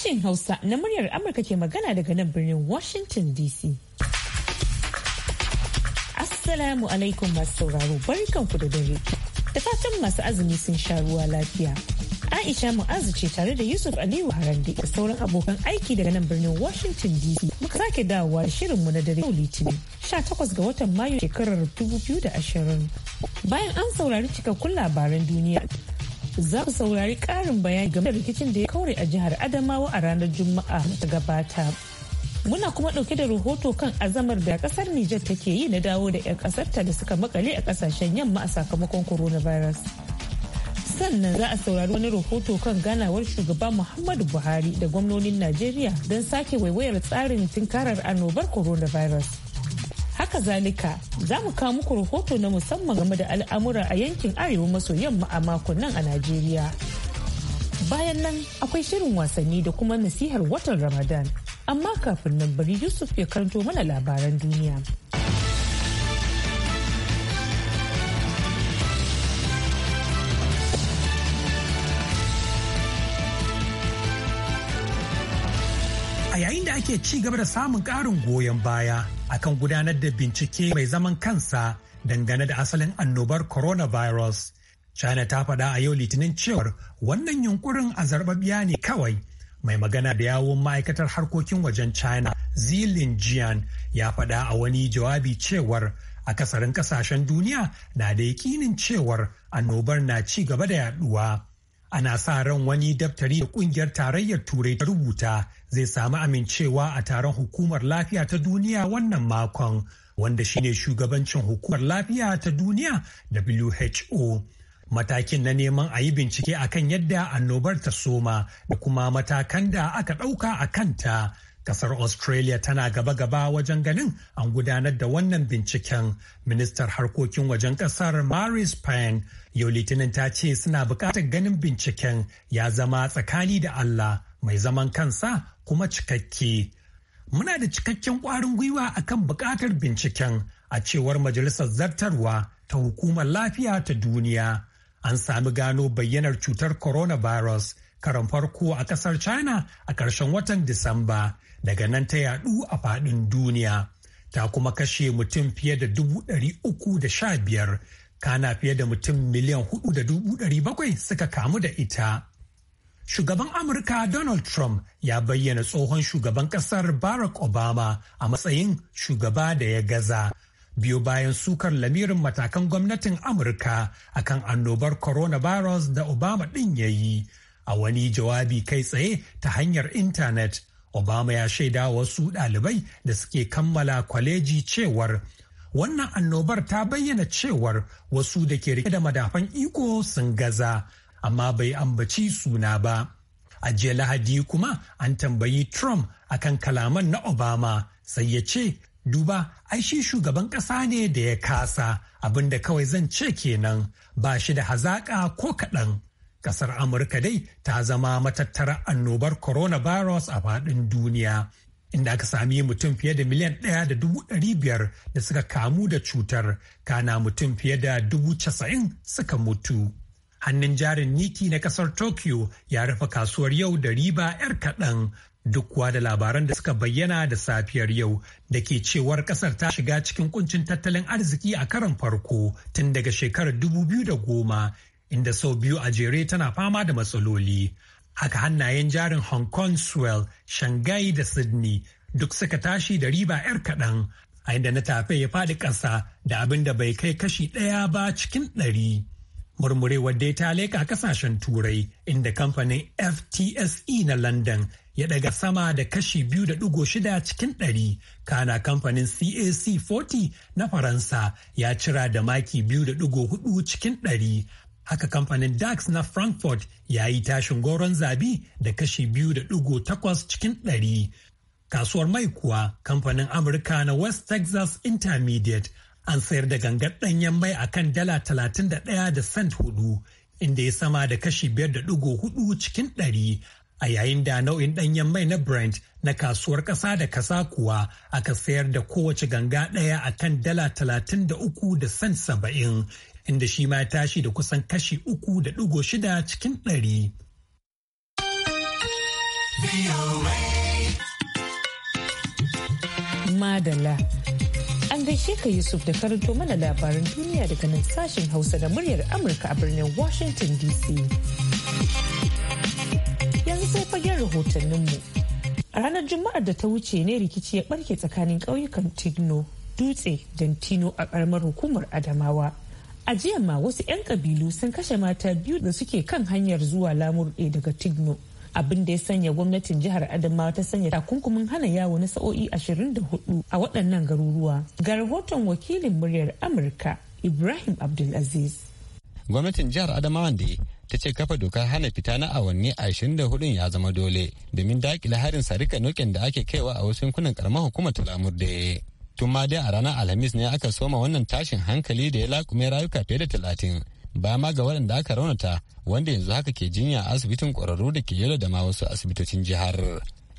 Sashen Hausa na muryar Amurka ke magana daga nan birnin Washington DC. Assalamu alaikum masu sauraro ku da dare. Da fatan masu azumi sun sha ruwa lafiya. Aisha Mu'azu ce tare da Yusuf Aliyu Harande da sauran abokan aiki daga nan birnin Washington DC. Muka sake dawowa shirinmu na dare yau Litinin takwas ga watan Mayu shekarar 2020. Bayan an saurari cikakkun labaran duniya za ku saurari ƙarin bayani game da rikicin da ya kaure a jihar Adamawa a ranar Juma'a ta gabata. Muna kuma ɗauke da rahoto kan azamar da ƙasar Nijar take yi na dawo da 'yan ƙasarta da suka makale a ƙasashen yamma a sakamakon coronavirus. sannan za a saurari wani rahoto kan ganawar shugaba Muhammadu Buhari da gwamnonin Najeriya don sake waiwayar tsarin tunkarar annobar coronavirus. haka zalika za mu kawo muku rahoto na musamman game da al'amura a yankin arewa maso yamma a makon nan a najeriya bayan nan akwai shirin wasanni da kuma nasihar watan ramadan amma kafin nan bari yusuf ya karanto mana labaran duniya ake ci gaba da samun ƙarin goyon baya akan gudanar da bincike mai zaman kansa dangane da asalin annobar coronavirus. China ta faɗa a yau litinin cewar wannan yunkurin a zarbabbiya ne kawai. Mai magana da yawon ma'aikatar harkokin wajen China, Zilin Jian, ya faɗa a wani jawabi cewar akasarin ƙasashen duniya na da yakinin cewar annobar na ci gaba da yaduwa. ana sa ran wani daftari da kungiyar tarayyar turai ta rubuta zai samu amincewa a taron hukumar lafiya ta duniya wannan makon wanda shine shugabancin hukumar lafiya ta duniya who matakin na neman a yi bincike akan yadda annobar ta soma da kuma matakan da aka ɗauka a kanta Kasar Australia tana gaba-gaba wajen ganin an gudanar da wannan binciken. Ministar harkokin wajen kasar Maris Payne yau litinin ta ce suna bukatar ganin binciken ya zama tsakani da Allah mai zaman kansa kuma cikakke. Muna da cikakken ƙwarin gwiwa akan bukatar binciken a cewar Majalisar Zartarwa ta Hukumar Lafiya ta Duniya. An sami gano bayyanar cutar coronavirus karan farko a ƙasar China a karshen watan Disamba. daga nan ta yadu a faɗin duniya ta kuma kashe mutum fiye da dubu ɗari uku da sha biyar kana fiye da mutum miliyan hudu da dubu ɗari bakwai suka kamu da ita. Shugaban Amurka Donald Trump ya bayyana tsohon shugaban ƙasar Barack Obama a matsayin shugaba da ya gaza. Biyo bayan sukar lamirin matakan gwamnatin Amurka akan annobar coronavirus da Obama ɗin ya yi. A wani jawabi kai tsaye ta hanyar intanet, Obama ya shaida wasu ɗalibai da suke kammala kwaleji cewar wannan annobar ta bayyana cewar wasu da ke rike da madafan iko sun gaza amma bai ambaci suna ba. A jiya Lahadi kuma an tambayi Trump akan kalaman na Obama sai ya ce duba ai shi shugaban ƙasa ne da ya kasa abinda kawai zan ce kenan ba shi da hazaƙa ko kaɗan. Kasar Amurka dai ta zama matattara annobar coronavirus a faɗin duniya, inda aka sami mutum fiye da miliyan ɗaya da dubu ɗari biyar da suka kamu da cutar, kana mutum fiye da dubu casa'in suka mutu. Hannun jarin Niki na kasar Tokyo ya rufe kasuwar yau da riba 'yar kaɗan duk dukwa da labaran da suka bayyana da safiyar yau da ke cewar kasar ta shiga cikin kuncin tattalin arziki a karon farko tun daga shekarar dubu biyu da goma. inda sau biyu a jere tana fama da matsaloli. Haka hannayen jarin Hong Kong Swell, Shanghai da Sydney duk suka tashi da riba 'yar kaɗan, a inda na tafe ya faɗi ƙasa da abin da bai kai kashi ɗaya ba cikin ɗari. Murmurewar dai ta leƙa ƙasashen Turai, inda kamfanin FTSE na London ya daga sama da kashi biyu da ɗigo shida cikin ɗari kana kamfanin cac 40 na faransa ya cira da maki biyu da ɗigo hudu cikin ɗari Haka kamfanin DAX na Frankfurt ya yi tashin goron zabi da kashi biyu da ɗigo takwas cikin ɗari. Kasuwar mai kuwa kamfanin Amurka na West Texas Intermediate an sayar da gangar ɗanyen mai a kan dala talatin da ɗaya da cent hudu inda ya sama da kashi biyar da ɗigo hudu cikin ɗari a yayin da nau'in ɗanyen mai na Brent na kasuwar ƙasa da ƙasa kuwa aka sayar da kowace ganga ɗaya a kan dala talatin da uku da cent saba'in inda shi ma ya tashi da kusan kashi uku da ɗigo shida cikin ɗari. Madala An gaishe ka Yusuf da karanto mana labaran duniya daga nan sashen Hausa da muryar Amurka a birnin Washington DC. Yanzu sai fagen rahotanninmu. A ranar Juma'ar da ta wuce ne rikici ya barke tsakanin ƙauyukan Tigno, Dutse, Dantino a ƙaramar hukumar Adamawa. A jiya ma wasu 'yan kabilu sun kashe mata biyu da suke kan hanyar zuwa lamurɗe daga Tigno. abin da ya sanya gwamnatin jihar adama ta sanya takunkumin hana yawo na sa'o'i 24 a waɗannan garuruwa ga rahoton wakilin muryar amurka ibrahim abdulaziz gwamnatin jihar adamawa da ta ce kafa dokar hana fita na awanni 24 ya zama dole domin daƙile harin sarika nokin da ake kaiwa a wasu yankunan karamar hukumar ta da tun ma dai a ranar alhamis ne aka soma wannan tashin hankali da ya lakume rayuka fiye da talatin ba ma ga waɗanda aka raunata wanda yanzu haka ke jinya a asibitin ƙwararru da ke yalo da ma wasu asibitocin jihar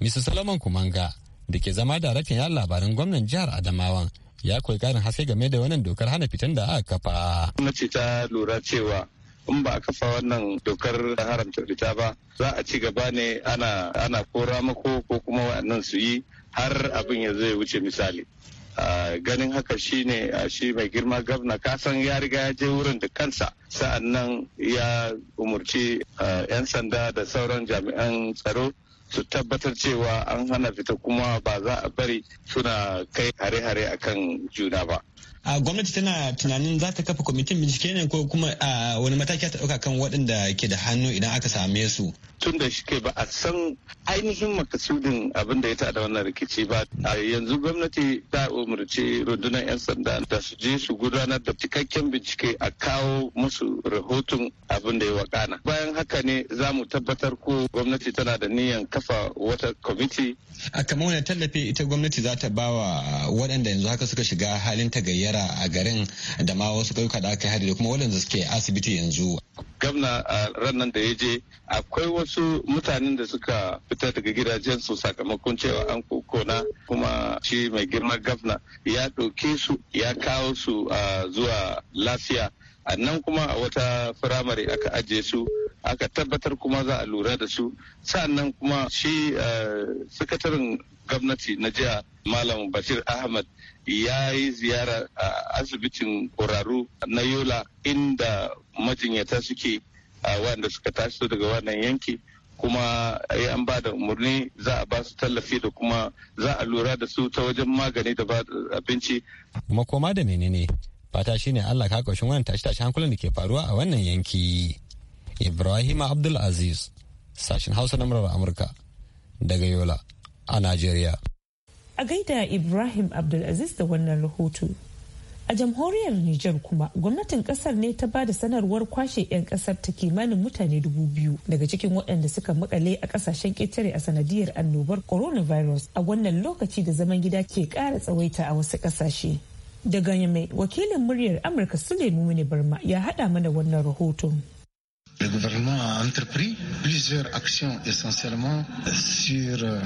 mr solomon kumanga da ke zama daraktan yan labaran gwamnan jihar adamawa ya koyi karin haske game da wannan dokar hana fitan da aka kafa. Gwamnati ta lura cewa in ba a kafa wannan dokar haramta fita ba za a ci gaba ne ana ana kora mako ko kuma wa'annan su yi har abin ya zai wuce misali. ganin haka shi shine shi mai girma gabna kasan ya riga ya je wurin da kansa sa'annan ya umarci 'yan sanda da sauran jami'an tsaro su tabbatar cewa an hana fita kuma ba za a bari suna kai hare-hare akan juna ba a gwamnati tana tunanin za ta kafa kwamitin bincike ne ko kuma a wani mataki ta ɗauka kan waɗanda ke da hannu idan aka same su tun da shi ke ba a san ainihin makasudin abin da ya tada wannan rikici ba a yanzu gwamnati ta umarci rundunar 'yan sanda da su je su gudanar da cikakken bincike a kawo musu rahoton abin da ya wakana bayan haka ne za mu tabbatar ko gwamnati tana da niyan kafa wata kwamiti a kamar wani tallafi ita gwamnati za ta ba wa waɗanda yanzu haka suka shiga halin tagayya ziyara a garin da ma wasu ƙauyuka da aka hari da kuma waɗanda suke asibiti yanzu. Gamna a da ya je akwai wasu mutanen da suka fita daga gidajen su sakamakon cewa an kokona kuma shi mai girma gabna ya ɗauke su ya kawo su zuwa lafiya a nan kuma a wata firamare aka ajiye su aka tabbatar kuma za a lura da su sa'annan kuma shi sakataren gwamnati na jiya malam bashir ahmad ya yi ziyara a asibitin ƙoraru na yola inda majinyata suke wanda suka taso daga wannan yanki kuma an ba da umarni za a ba su tallafi da kuma za a lura da su ta wajen magani da abinci. kuma koma da menene fata shine allah ka ƙoshin wannan tashi-tashi hankulan da ke faruwa a wannan yanki ibrahim abdulaziz sashen hausa na murar amurka daga yola a Najeriya. A gaida Ibrahim Abdulaziz da wannan rahoto. A jamhuriyar Nijar kuma gwamnatin kasar ne ta bada sanarwar kwashe 'yan kasar ta kimanin mutane dubu biyu daga cikin waɗanda suka makale a ƙasashen ƙetare a sanadiyar annobar coronavirus a wannan lokaci da zaman gida ke ƙara tsawaita a wasu ƙasashe. Daga mai wakilin muryar Amurka Sule Mumini Barma ya haɗa mana wannan rahoton. Le gouvernement a entrepris plusieurs actions essentiellement sur euh,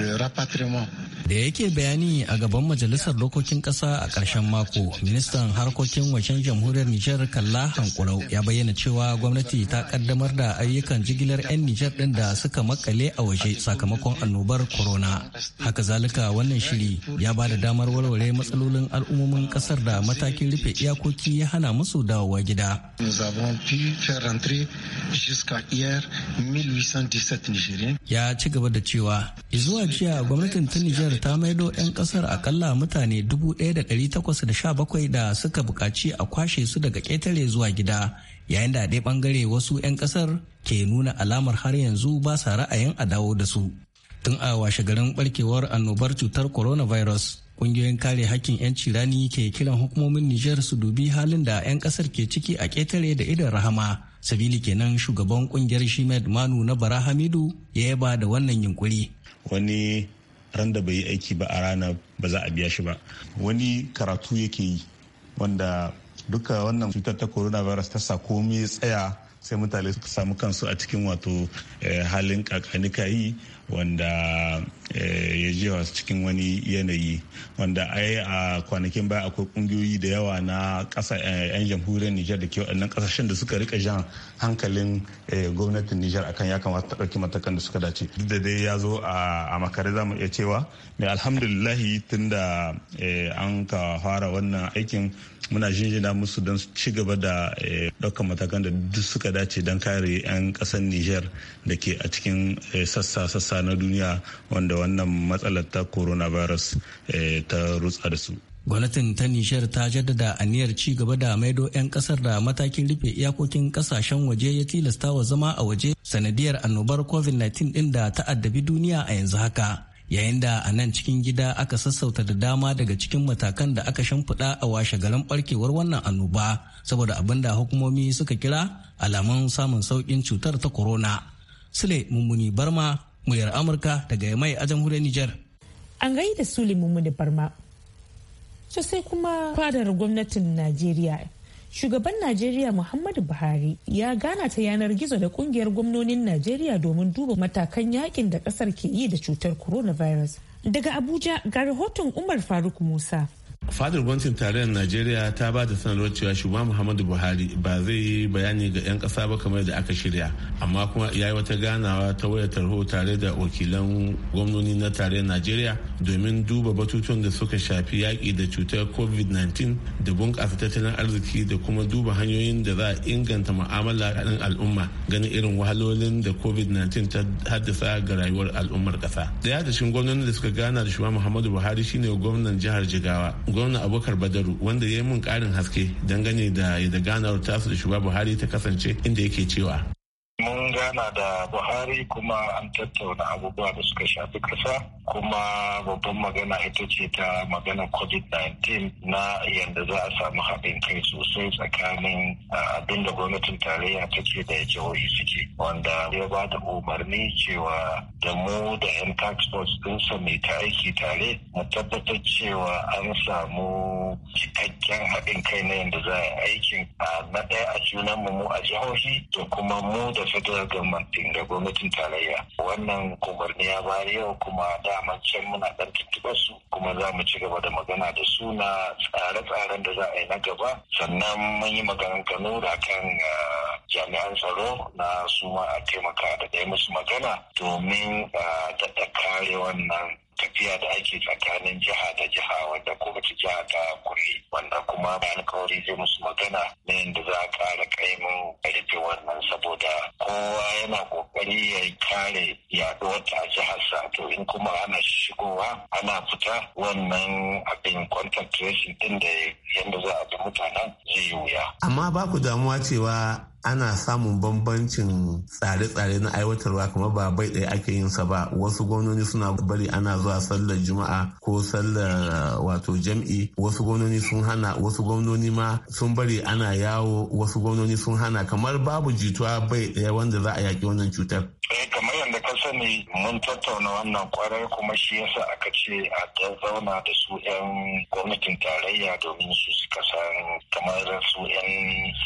le rapatriement. Da yake bayani a gaban Majalisar Dokokin Ƙasa a ƙarshen mako, ministan harkokin wajen jamhuriyar Nijar Kalla Hankurau ya bayyana cewa gwamnati ta kaddamar da ayyukan jigilar 'yan Nijar ɗin da suka makale a waje sakamakon annobar corona. Haka zalika wannan shiri ya ba da damar warware matsalolin al'ummomin ƙasar da matakin rufe iyakoki ya hana musu dawowa gida. jusqu'à hier 1817 Ya ci gaba da cewa, zuwa jiya gwamnatin ta Nijar ta maido 'yan kasar akalla mutane 1,817 da suka buƙaci a kwashe su daga ƙetare zuwa gida, yayin da a ɗaya ɓangare wasu 'yan kasar ke nuna alamar har yanzu ba sa ra'ayin a dawo da su. Tun a washe garin barkewar annobar cutar coronavirus, ƙungiyoyin kare hakkin 'yanci rani ke kiran hukumomin Nijar su dubi halin da 'yan kasar ke ciki a ƙetare da idan rahama sabili kenan shugaban kungiyar shimed manu na bara hamidu ya yaba da wannan yunkuri wani ran da bai yi aiki ba a rana ba za a biya shi ba wani karatu yake yi wanda duka wannan cutar ta coronavirus ta sa komai tsaya sai mutane su samu kansu a cikin wato eh, halin kakanika yi wanda eh, ya jewa cikin wani yanayi wanda ai a kwanakin baya akwai kungiyoyi da yawa na ƙasa 'yan eh, jamhuriyar nijar da ke waɗannan ƙasashen da suka rika jan hankalin eh, gwamnatin nijar akan ya kamata ta ɗauki matakan da suka dace duk da dai ya zo a makare za mu iya cewa mai alhamdulillahi tun da an ka fara wannan aikin muna jinjina musu don su ci gaba da ɗaukar matakan da duk suka dace don kare 'yan ƙasar nijar da ke a cikin sassa sassa ƙasa na duniya wanda wannan matsalar ta coronavirus eh, ta rutsa da su gwamnatin ta nishar ta jaddada aniyar ci gaba da maido 'yan kasar da matakin rufe iyakokin kasashen waje ya tilasta wa zama a waje sanadiyar annobar covid-19 din da ta addabi duniya a yanzu haka yayin da a nan cikin gida aka sassauta da dama daga cikin matakan da aka shimfiɗa a washe garin barkewar wannan annoba saboda abin da hukumomi suka kira alamun samun saukin cutar ta corona sule mummuni barma muryar amurka daga mai a jamhuriyar niger an gaida sulimin da barma to sai kuma fadar gwamnatin najeriya shugaban najeriya muhammadu buhari ya gana ta yanar gizo da kungiyar gwamnonin najeriya domin duba matakan yakin da kasar ke yi da cutar coronavirus daga abuja ga rahoton umar faruk musa fadar gwamnatin tarayyar najeriya ta ba da sanarwar cewa shugaban muhammadu buhari ba zai yi bayani ga 'yan kasa ba kamar da aka shirya amma kuma ya yi wata ganawa ta wayar tarho tare da wakilan gwamnoni na tarayyar najeriya domin duba batutun da suka shafi yaƙi da cutar covid-19 da bunƙasa tattalin arziki da kuma duba hanyoyin da za a inganta mu'amala ɗin al'umma ganin irin wahalolin da covid-19 ta haddasa ga rayuwar al'ummar ƙasa Ɗaya da cikin gwamnoni da suka gana da muhammadu buhari shine gwamnan jihar jigawa gwamna abokar badaru wanda ya yi mun karin haske dangane da yadda ganawar tasu da shugaba buhari ta kasance inda yake cewa gana da buhari kuma an tattauna abubuwa da suka shafi kasa kuma babban magana ita ce ta magana covid-19 na yadda za a samu haɗin kai sosai tsakanin abin da gwamnatin tarayya ce da jihohi suke wanda ya ba da umarni cewa da mu da 'yan tax force ɗinsa mai ta aiki tare mu tabbatar cewa an samu cikakken haɗin kai na yadda za a yi aikin na ɗaya a junanmu mu a jihohi da kuma mu da federal local ga gwamnatin tarayya wannan kumarni ya bayar yau kuma daman can muna dan tuntuɓar su kuma za mu ci gaba da magana da su na tsare-tsaren da za a yi na gaba sannan mun yi kano da kan ah, jami'an tsaro na suma a taimaka da ɗaya musu magana domin ah, daɗa kare wannan tafiya da ake tsakanin jiha da jiha wanda ko kowace jiha ta kulle wanda kuma ba alkawari zai musu magana na yadda za a kara kaimin karfe wannan saboda kowa yana ƙoƙari ya yi kare yaduwar ta jiharsa to in kuma ana shigowa ana fita wannan abin contact tracing din da yadda za a bi mutanen zai yi wuya. amma ba ku damuwa cewa ana samun bambancin tsare-tsare na aiwatarwa kamar ba bai ɗaya ake yin sa ba wasu gwamnoni suna bari ana zuwa sallar juma'a ko sallar wato jam'i wasu gwamnoni sun hana wasu gwamnoni ma sun bari ana yawo wasu gwamnoni sun hana kamar babu jituwa bai ɗaya wanda za a yaƙi wannan cutar. Eh, sani mun tattauna wannan kwarai kuma shi yasa aka ce a zauna da su 'yan gwamnatin tarayya domin su suka san kamar su 'yan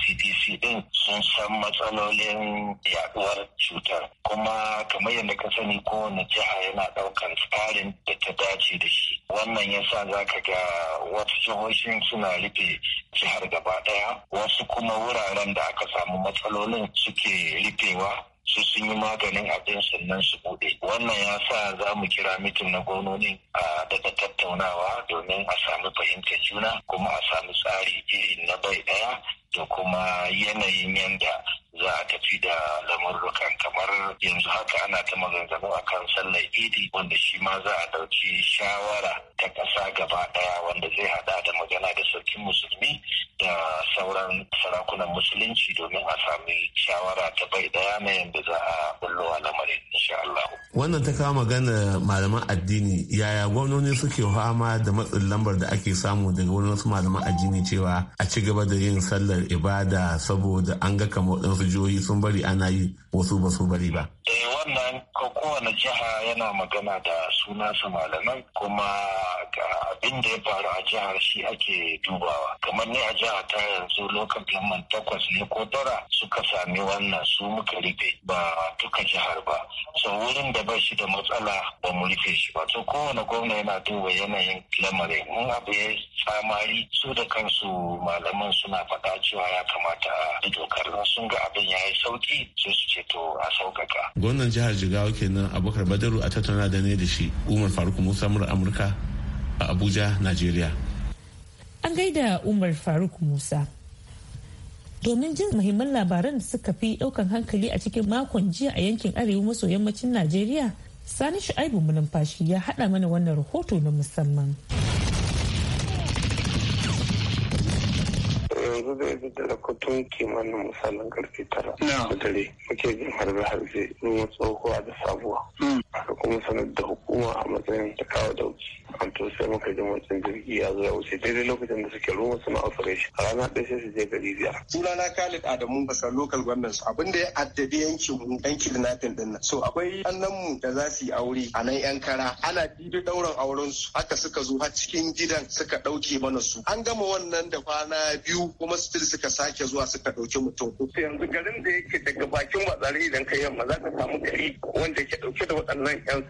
cdc din sun san matsalolin yaduwar cutar kuma kamar yadda ka sani kowane jiha yana daukan tsarin da ta dace da shi wannan yasa za ka ga wasu jihohin suna rufe jihar gaba daya wasu kuma wuraren da aka samu matsalolin suke rufewa su sun yi maganin abin sannan su bude wannan ya sa za mu kira mitin na gwamnoni a daga tattaunawa domin a sami fahimtar juna kuma a sami tsari iri na bai daya da kuma yanayin yanda za a tafi da lamurrukan kamar yanzu haka ana ta maganganu kan sallar idi wanda shi ma za a dauki shawara ta ƙasa gaba ɗaya wanda zai hada da magana da sarkin musulmi da sauran sarakunan musulunci domin a sami shawara ta bai ɗaya na yadda za a bullo a lamarin insha Wannan ta kawo magana malaman addini yaya gwamnoni suke fama da matsin lambar da ake samu daga wani wasu malaman addini cewa a ci gaba da yin sallar ibada saboda an ga kamar jihohi sun bari ana yi wasu ba su bari ba. Eh wannan kowane jiha yana magana da suna su malaman kuma abin da ya faru a jihar shi ake dubawa. Kamar ne a jihar ta yanzu lokacin man takwas ne ko tara suka sami wannan su muka rufe ba duka jihar ba. So wurin da bai shi da matsala ba mu rufe shi ba. to kowane gwamna yana duba yanayin lamarin. In abu ya tsamari su da kansu malaman suna faɗa cewa ya kamata a dokar sun ga abin ya yi sauki sai su ce to a sauƙaƙa. gwamnan jihar jigawa kenan abubakar badaru a tattauna da ne da shi umar faruk musa mura amurka a abuja najeriya an gaida umar faruk musa domin jin muhimman labaran da suka fi daukan hankali a cikin makon jiya a yankin arewa maso yammacin najeriya sani shu'aibu numfashi ya haɗa mana wannan rahoto na musamman. yanzu zai ji da lokacin kimanin misalin karfe tara da dare muke jin harbe harbe ruwan tsohuwa da sabuwa hmm. aka kuma sanar da hukuma a matsayin ta kawo dauki to sai muka ji motsin jirgi ya zo ya wuce daidai lokacin da suke ruwa suna operation a rana ɗaya sai su je gari biyar. sunana khalid adamu basa local government abin da ya addabi yankin mu dan kidnapping din nan so akwai annan mu da za su yi aure a nan yan kara ana dibi ɗaurin auren su haka suka zo har cikin gidan suka ɗauke mana su an gama wannan da kwana biyu kuma su suka sake zuwa suka ɗauki mutum. yanzu garin da yake daga bakin watsari idan ka yamma za ka samu gari wanda ke ɗauke da waɗannan 'yan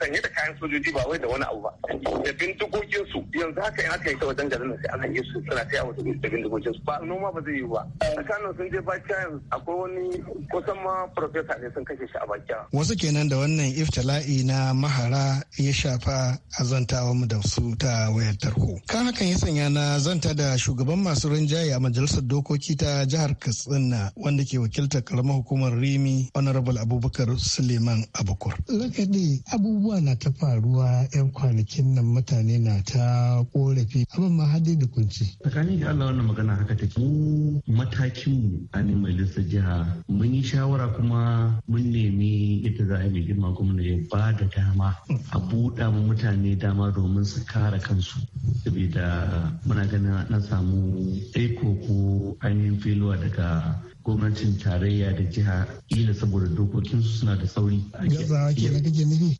sanyi da kayan sojoji ba wai da wani abu ba. da bindigogin su yanzu haka in aka yi ta wajen garin sai an yi su suna ta yawo da bindigogin su ba noma ba zai yi ba tsakanin sun je bakiya yanzu akwai wani kusan ma profesa ne sun kashe shi a bakiya wasu kenan da wannan iftila'i na mahara ya shafa a zantawa mu da su ta wayar tarho kan hakan ya sanya na zanta da shugaban masu rinjaye a majalisar dokoki ta jihar katsina wanda ke wakiltar karamar hukumar rimi honorable abubakar suleiman abukur. Lakadi abubuwa na ta faruwa 'yan kwanaki kwanakin nan mutane na ta korafi abin ma hadi da kunci. Tsakanin da Allah wannan magana haka take mu matakin mu a nemalista jiha mun yi shawara kuma mun nemi ita za a yi girma gwamna ya ba da dama a buɗa mu mutane dama domin su kare kansu. Saboda muna ganin na samu aiko ko ainihin filuwa daga gwamnatin tarayya da jiha ila saboda dokokinsu suna da sauri.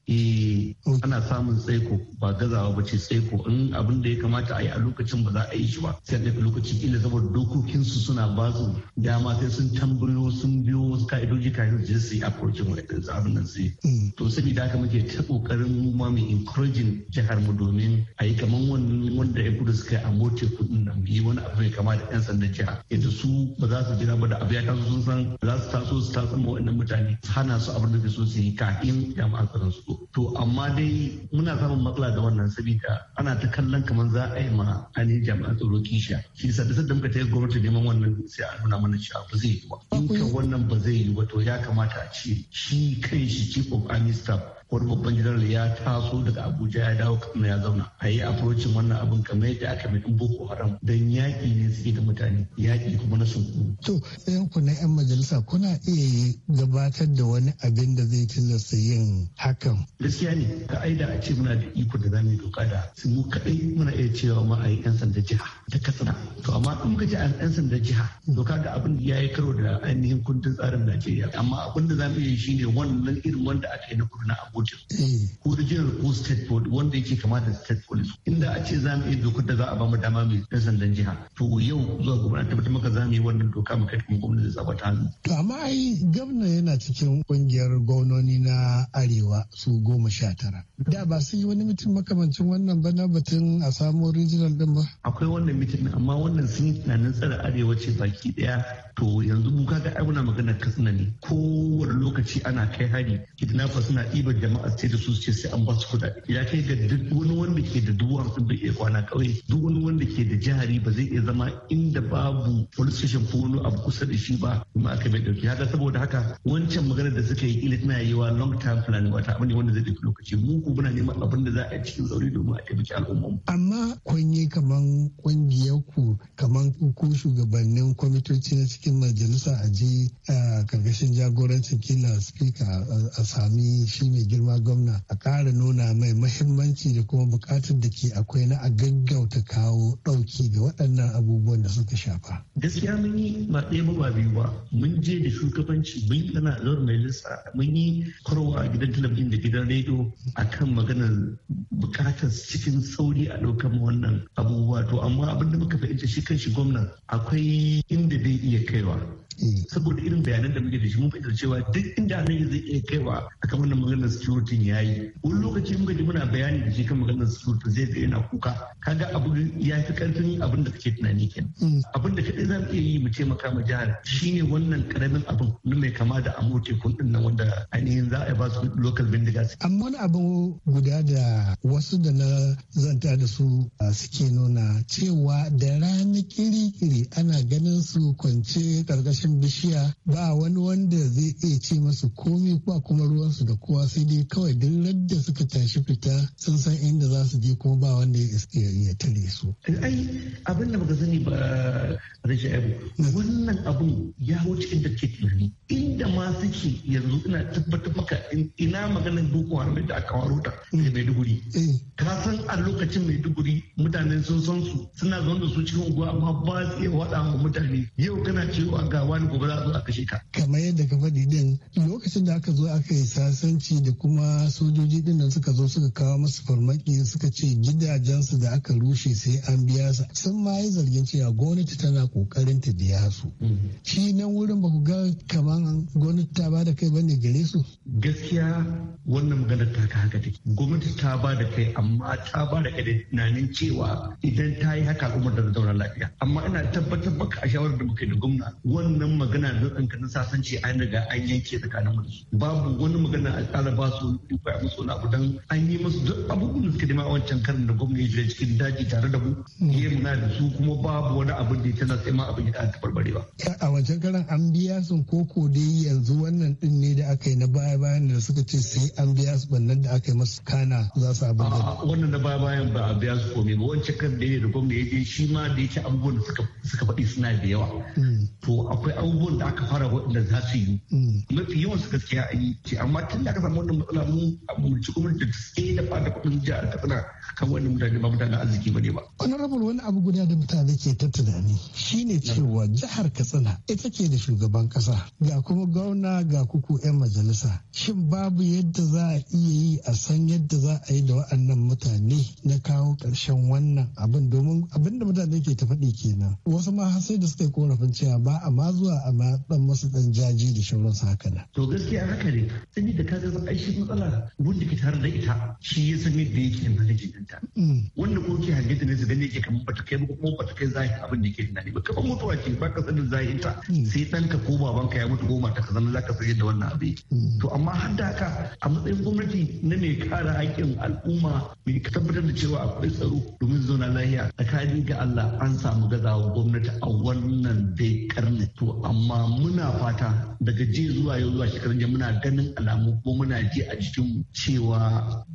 Eh, ana samun tsaiko ba gazawa ba ce tsaiko in abin da ya kamata a yi a lokacin ba za a yi shi ba. Sai daga lokacin ila saboda dokokinsu suna ba su dama sai sun tambayo sun biyo wasu ka'idoji kafin su su yi approaching wa'adin abin nan sai yi. Mm. sai da haka muke ta kokarin mu ma mai encouraging jihar mu domin a yi kamar wannan wanda ya kudu suka a motar kudin nan yi wani abu mai kamata da 'yan sandan jiha. Yadda su ba za su jira ba da abin ya taso sun san za su taso su taso ma wannan mutane hana su abin da so su yi kafin jami'an tsaron su to amma dai muna samun matsala da wannan sabida ana ta kallon kamar za a yi ma ainihin jami'an tsaro kisha shi sa da sadda muka ta yi gwamnati neman wannan sai a nuna mana cewa ba zai yi ba in ka wannan ba zai yi ba to ya kamata a ce shi kan shi chief of army staff wani babban general ya taso daga abuja ya dawo kano ya zauna a yi furocin wannan abin kamar yadda aka mai boko haram don yaƙi ne suke da mutane yaƙi kuma na sunku. to yan ku na yan majalisa kuna iya gabatar da wani abin da zai tilasta yin hakan. gaskiya ne ka aida a ce muna da iko da zamu yi doka da su mu kaɗai muna iya cewa ma a yi yan sanda jiha ta katsina to amma in muka ce yan sanda jiha doka da abin ya yi karo da ainihin kundin tsarin najeriya amma abin da zamu iya shi ne wannan irin wanda aka yi na kudu na abuja dokokin ko regional ko state board wanda yake kamata state police inda a ce za mu yi dokar da za a bamu dama mai dan sandan jiha to yau zuwa gobe na tabbatar maka za mu yi wannan doka mu kai kuma gwamnati zaba ta hannu. to amma ai gwamna yana cikin kungiyar gwamnoni na arewa su goma sha tara da ba su yi wani mutum makamancin wannan ba na batun a samu regional din ba. akwai wannan mutum amma wannan sun yi tunanin tsara arewa ce baki daya to yanzu mu kaga ai muna magana kasna ne kowane lokaci ana kai hari kidnappers suna ibar jama'a sai da su ce sai an ba su kuɗaɗe ya kai ga duk wani wanda ke da duwan sun bai iya kwana ƙauye duk wani wanda ke da jihari ba zai iya zama inda babu police station ko wani abu kusa da shi ba kuma aka bai ɗauki haka saboda haka wancan magana da suka yi ƙila na yi wa long term planning wata abu ne wanda zai ɗauki lokaci mu ko muna neman abin da za a yi cikin sauri domin a biki al'umma. amma kun kaman kungiyar ku kaman ku shugabannin kwamitoci na cikin majalisa a je karkashin jagorancin kila speaker a sami shi mai girma gwamna a ƙara nuna mai mahimmanci da kuma bukatar da ke akwai na a gaggauta kawo ɗauki ga waɗannan abubuwan da suka shafa. Gaskiya mun yi ba ɗaya ba ba biyu ba mun je da shugabanci mun yi ana zaur mai lissa mun yi korowa a gidan talabijin da gidan rediyo akan maganar bukatar cikin sauri a ɗaukan wannan abubuwa to amma abin da muka fahimta shi kan shi gwamnan akwai inda zai iya kaiwa mm. saboda irin bayanan da muke da shi mun fahimta cewa duk inda yi zai iya kaiwa akan wannan maganar security ya yi wani lokaci muka ji muna bayani da shi kan maganar security zai zai yana kuka kaga abu ya fi karfin abin da kake tunani kenan mm. abin da kadai za mu iya yi mu taimaka ma jihar shine wannan karamin abin na mai kama da amote kun nan wanda ainihin za a ba su local bindiga amma wani abu guda da wasu da na zanta da su ah, suke nuna cewa da rana kiri-kiri ana ganin su kwance karkashin bishiya ba wani wanda zai iya ce masu komi a kuma ruwansu da kowa sai dai kawai duk radda suka tashi fita sun san inda za su je kuma ba wanda ya iya tare su. ai abin da baka sani ba rashin abu wannan abun ya wuce inda ke tunani inda ma suke yanzu ina tabbatar maka ina maganin boko haram da aka waro ta mai duguri ka san a lokacin mai duguri mutanen sun san su suna zaune da su cikin unguwa amma ba su iya wada wa mutane yau kana cewa ga wani gobe za a zo a kashe ka kamar yadda ka faɗi din lokacin da aka zo aka yi sasanci da kuma sojoji din nan suka zo suka kawo musu farmaki suka ce gidajensu da aka rushe sai an biya sa sun ma yi zargin cewa gwamnati tana kokarin ta biya su shi nan wurin ba ku ga kamar gwamnati ta ba da kai bane gare su gaskiya wannan maganar ta haka take gwamnati ta ba da da kai amma ta ba da kai tunanin cewa idan ta yi haka al'ummar da ta lafiya amma ina tabbatar baka a shawarar da muke da gwamna wannan magana da ɗanka na sasanci an riga an yanke tsakanin mu babu wani magana a ƙara ba su musu na abu dan an yi musu duk abubuwan da suka wancan karin da gwamna ya jira cikin daji tare da mu ya muna da su kuma babu wani abin da ya tana sai ma abin ya ta barbare a wancan karan an biya ko koko dai yanzu wannan din ne da aka yi na baya bayan da suka ce sai an biya su bannan da aka yi masu kana za su abin da wannan na baya bayan ba a biya su komai ba wancan kan da da gwamna ya je shi ma da ya ci abubuwan da suka faɗi suna da yawa hmm. to akwai abubuwan da aka fara waɗanda za su yi hmm. mafi yawan su gaskiya a yi ce amma tun da aka samu wannan matsala mun a mulci gwamnati da tsaye da da kuɗin jihar katsina kan wani mutane ba mutane arziki ba ne ba. honorable wani abu guda da mutane ke ta tunani shine cewa jihar katsina ita ke da shugaban kasa ga kuma Gauna ga kuku 'yan majalisa shin babu yadda za a iya yi a san yadda za a yi da wa'annan mutane na kawo ƙarshen wannan abin domin abin da mutane ke ta faɗi kenan wasu ma har sai da suka yi korafin cewa ba a ma zuwa a ma dan masu dan jaji da shauransu haka na. to gaskiya haka ne saboda da ga ai shi matsala wanda ke tare da ita shi ya san yadda yake manajin ta wanda ko ke hange ne su gani yake kamar bata kai ba kuma bata kai zahiri abin da ke tunani ba kamar mutuwa ce ba ka sanin zahirin ta sai ka ko babanka ya mutu ko mata ka zama zaka san yadda wannan abin to amma har da haka a matsayin gwamnati na mai kare haƙƙin al'umma mai tabbatar da cewa akwai tsaro domin zauna a tsakanin ga Allah an samu gazawa gwamnati a wannan dai karni to amma muna fata daga jiya zuwa yau zuwa shekarun jiya muna ganin alamu ko muna ji a jikin cewa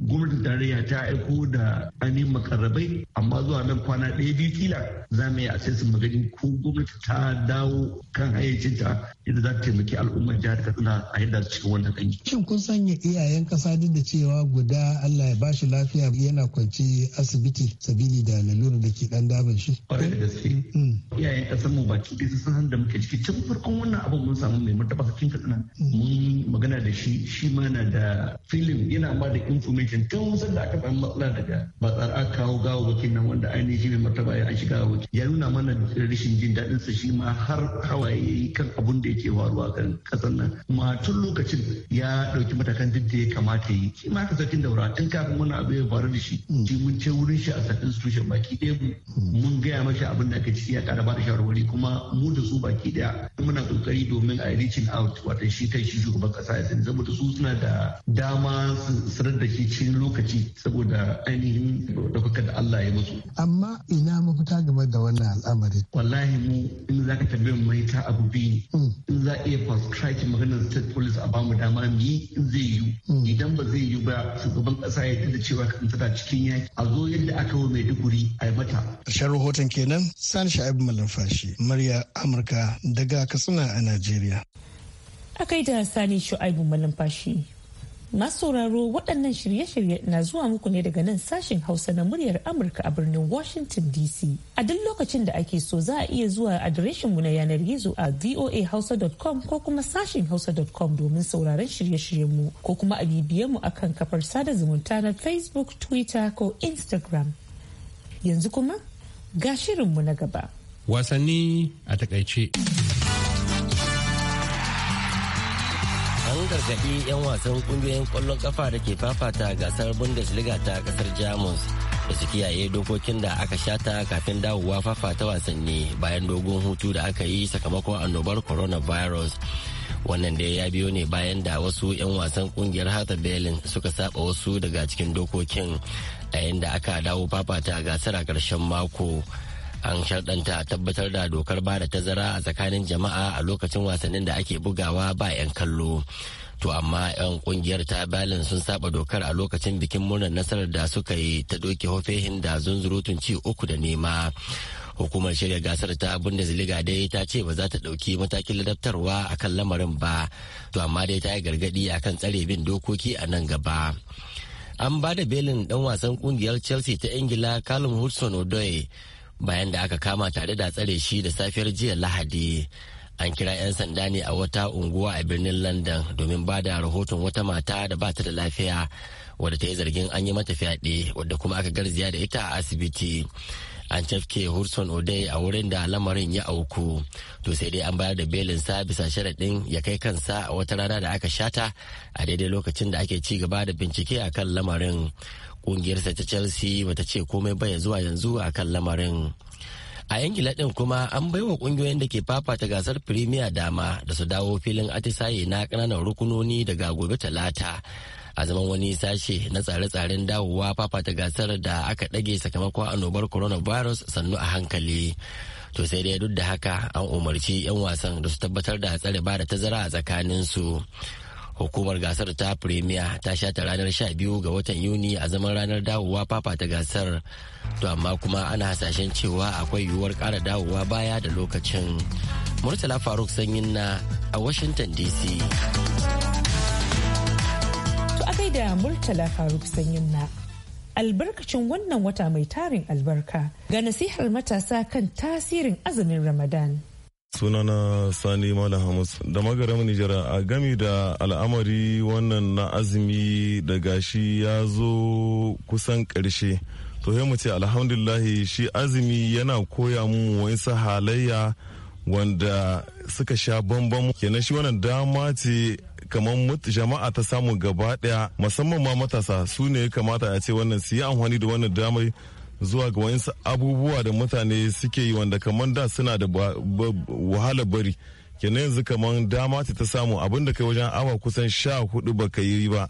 gwamnatin tarayya ta aiko da Ani ainihin makarrabai amma zuwa nan kwana ɗaya biyu kila za mu yi assessment gani ko gwamnati ta dawo kan hayyacinta yadda za ta taimaki al'ummar jihar katsina a yadda su cikin wannan ɗanki. shin kun sanya iyayen kasa duk da cewa guda allah ya bashi lafiya yana kwanci asibiti sabili da lalura da ke ɗan daban shi. kwarai da gaske mm. iyayen ƙasar mu baki ɗaya sun san da muke ciki tun farkon wannan abin mun samu mai martaba cikin katsina mm. mun magana da shi shi ma na da filin yana ba da information tun san da aka samu matsala daga ba tsar aka kawo gawawakin nan wanda ainihin shi ne martaba ya an shiga gawawaki ya nuna mana rashin jin daɗin sa shi ma har hawaye yayi kan abun da yake faruwa kan kasar nan kuma tun lokacin ya ɗauki matakan duk da ya kamata yi shi ma ka da daura tun kafin wani abu ya faru da shi shi mun ce wurin shi a sakin sushen baki ɗaya mun gaya masa abin da aka ci ya ƙara ba da shawarwari kuma mu da su baki ɗaya muna ƙoƙari domin a reaching out wato shi kai shi shugaban kasa ya sani saboda su suna da dama su sanar da shi cikin lokaci saboda ainihin ganin ɗaukar da Allah ya musu. Amma ina mafita game da wannan al'amari. Wallahi mu in za ka tabbai mu ta abu biyu hmm. in za a iya fast track maganar state police a bamu dama mu yi in zai yiwu. Hmm. Idan ba zai yiwu ba shugaban ƙasa ya tada cewa kan tana cikin yaki a zo yadda aka wa Maiduguri a yi mata. Sharu rahoton kenan Sani Sha'ibu Malamfashi murya Amurka daga Katsina a Najeriya. Akai da Sani Shu'aibu Malamfashi. Masu sauraro waɗannan shirye-shirye na zuwa muku ne daga nan sashen Hausa na muryar Amurka a birnin Washington DC. A duk lokacin da ake so za a iya zuwa mu na yanar gizo a voahausa.com ko kuma sashen hausa.com domin sauraron shirye-shiryenmu ko kuma a bibiyenmu mu akan kafar sada zumunta na Facebook, Twitter ko Instagram. Yanzu kuma ga shirinmu na gaba. Wasanni a takaice. gargaɗi 'yan wasan ƙungiyoyin ƙwallon ƙafa da ke fafata gasar bundesliga ta ƙasar jamus da su kiyaye dokokin da aka shata kafin dawowa fafata wasanni bayan dogon hutu da aka yi sakamakon annobar coronavirus wannan dai ya biyo ne bayan da wasu 'yan wasan kungiyar hata berlin suka saba wasu daga cikin dokokin yayin da aka dawo fafata gasar a karshen mako an sharɗanta tabbatar da dokar ba da tazara a tsakanin jama'a a lokacin wasannin da ake bugawa ba 'yan kallo to amma 'yan kungiyar ta balin sun saba dokar a lokacin bikin murnar nasarar da suka yi ta doke hofehin da zunzurutun ci uku da nema hukumar shirya gasar ta bundesliga dai ta ce ba za ta ɗauki matakin ladabtarwa akan lamarin ba to amma dai ta yi gargadi a kan tsare bin dokoki a nan gaba an ba da belin ɗan wasan kungiyar chelsea ta ingila callum hudson odoi bayan da aka kama tare da tsare shi da safiyar jiya lahadi an kira 'yan sanda ne a wata unguwa a birnin london domin ba da rahoton wata mata da ba ta da lafiya wadda ta yi zargin an yi mata fyaɗe wadda kuma aka garziya da ita a asibiti an cafke hurson odai a wurin da lamarin ya auku to sai dai an bayar da belin sa bisa sharaɗin ya kai kansa a wata rana da aka shata a daidai lokacin da ake ci gaba da bincike a kan lamarin ƙungiyarsa ta chelsea bata ce komai ba ya zuwa yanzu a kan lamarin a ingila din kuma an baiwa kungiyoyin da ke fafata gasar firimiya dama da su dawo filin atisaye na kananan rukunoni daga gobe talata a zaman wani sashe na tsare-tsaren dawowa fafata gasar da aka ɗage sakamakon annobar coronavirus sannu a hankali to sai dai duk da haka an umarci 'yan wasan da su tabbatar da tsare ba da tazara a tsakaninsu. hukumar gasar ta premier ta sha ta ranar 12 ga watan yuni a zaman ranar dawowa ta gasar to amma kuma ana hasashen cewa akwai yiwuwar kara dawowa baya da lokacin murtala faruk sanyin na a washington dc to a da murtala faruk sanyin na albarkacin wannan wata mai tarin albarka ga nasihar matasa kan tasirin azumin ramadan sunana sani malam hamus da magaram nijar a gami da al'amari wannan na azumi da gashi ya zo kusan karshe. to mu ce alhamdulillahi shi azumi yana koya mu wasu halayya wanda suka sha bambam kenan shi wannan dama ce kamar jama'a ta samu gaba daya musamman ma matasa su ne kamata a ce wannan su yi amfani da wannan damar zuwa ga wayansu abubuwa da mutane suke yi wanda kamar da suna da wahala bari kenan yanzu kamar dama ta ta samu abinda kai wajen awa kusan sha hudu ba ka yi ba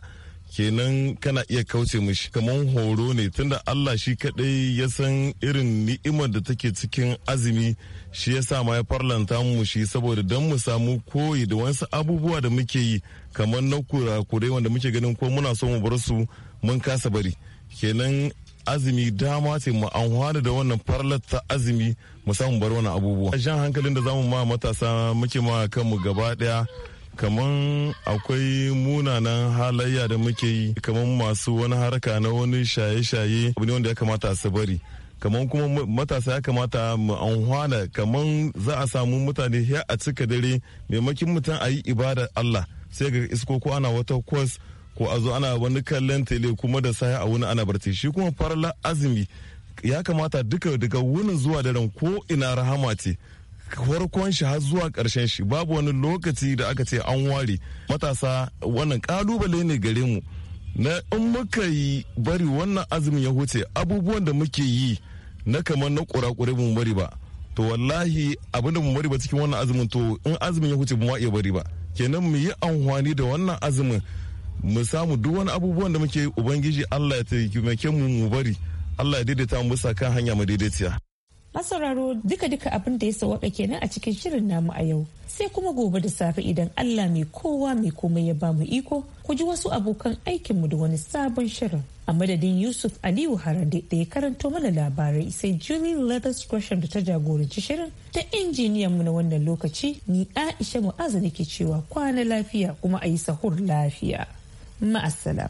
kenan kana iya kauce mishi kamar horo ne tunda Allah shi kadai ya san irin ni'imar da take cikin azumi shi ya sa ma ya farlanta mu shi saboda don mu samu koyi da wasu abubuwa da muke yi kamar na kurakurai wanda muke ganin ko muna so mu bar su mun kasa bari kenan azumi dama ce mu amfana da wannan farlar ta azumi mu samu bar wani abubuwa jan hankalin da zamu ma matasa muke ma kanmu gaba daya kaman akwai munanan halayya da muke yi kaman masu wani harka na wani shaye-shaye abu ne wanda ya kamata su bari kaman kuma matasa ya kamata mu amfana kaman za a samu mutane ya a cika dare maimakin mutum a yi ibadar Allah sai ga isko ko ana wata kwas ko a zo ana wani kallon tele kuma da saya a wani ana barci shi kuma farla azumi ya kamata duka daga wunin zuwa daren ko ina rahama ce farkon shi har zuwa karshen shi babu wani lokaci da aka ce an ware matasa wannan kalubale ne gare mu na in muka yi bari wannan azumin ya huce abubuwan da muke yi na kamar na kurakure mu bari ba to wallahi abin da mu bari ba cikin wannan azumin to in azumin ya huce mu iya bari ba kenan mu yi amfani da wannan azumin mu samu duk wani abubuwan da muke ubangiji Allah ya taimake mu mu bari Allah ya daidaita mu bisa kan hanya mu daidaitiya masararo duka-duka abin da ya sawaka kenan a cikin shirin namu a yau sai kuma gobe da safe idan allah mai kowa mai komai ya bamu iko ku ji wasu abokan aikin mu da wani sabon shirin a madadin yusuf aliyu harade da ya karanto mana labarai sai julie leathers gresham da ta jagoranci shirin ta injiniyan mu na wannan lokaci ni aisha mu'azu nake cewa kwana lafiya kuma a yi sahur lafiya مع السلامة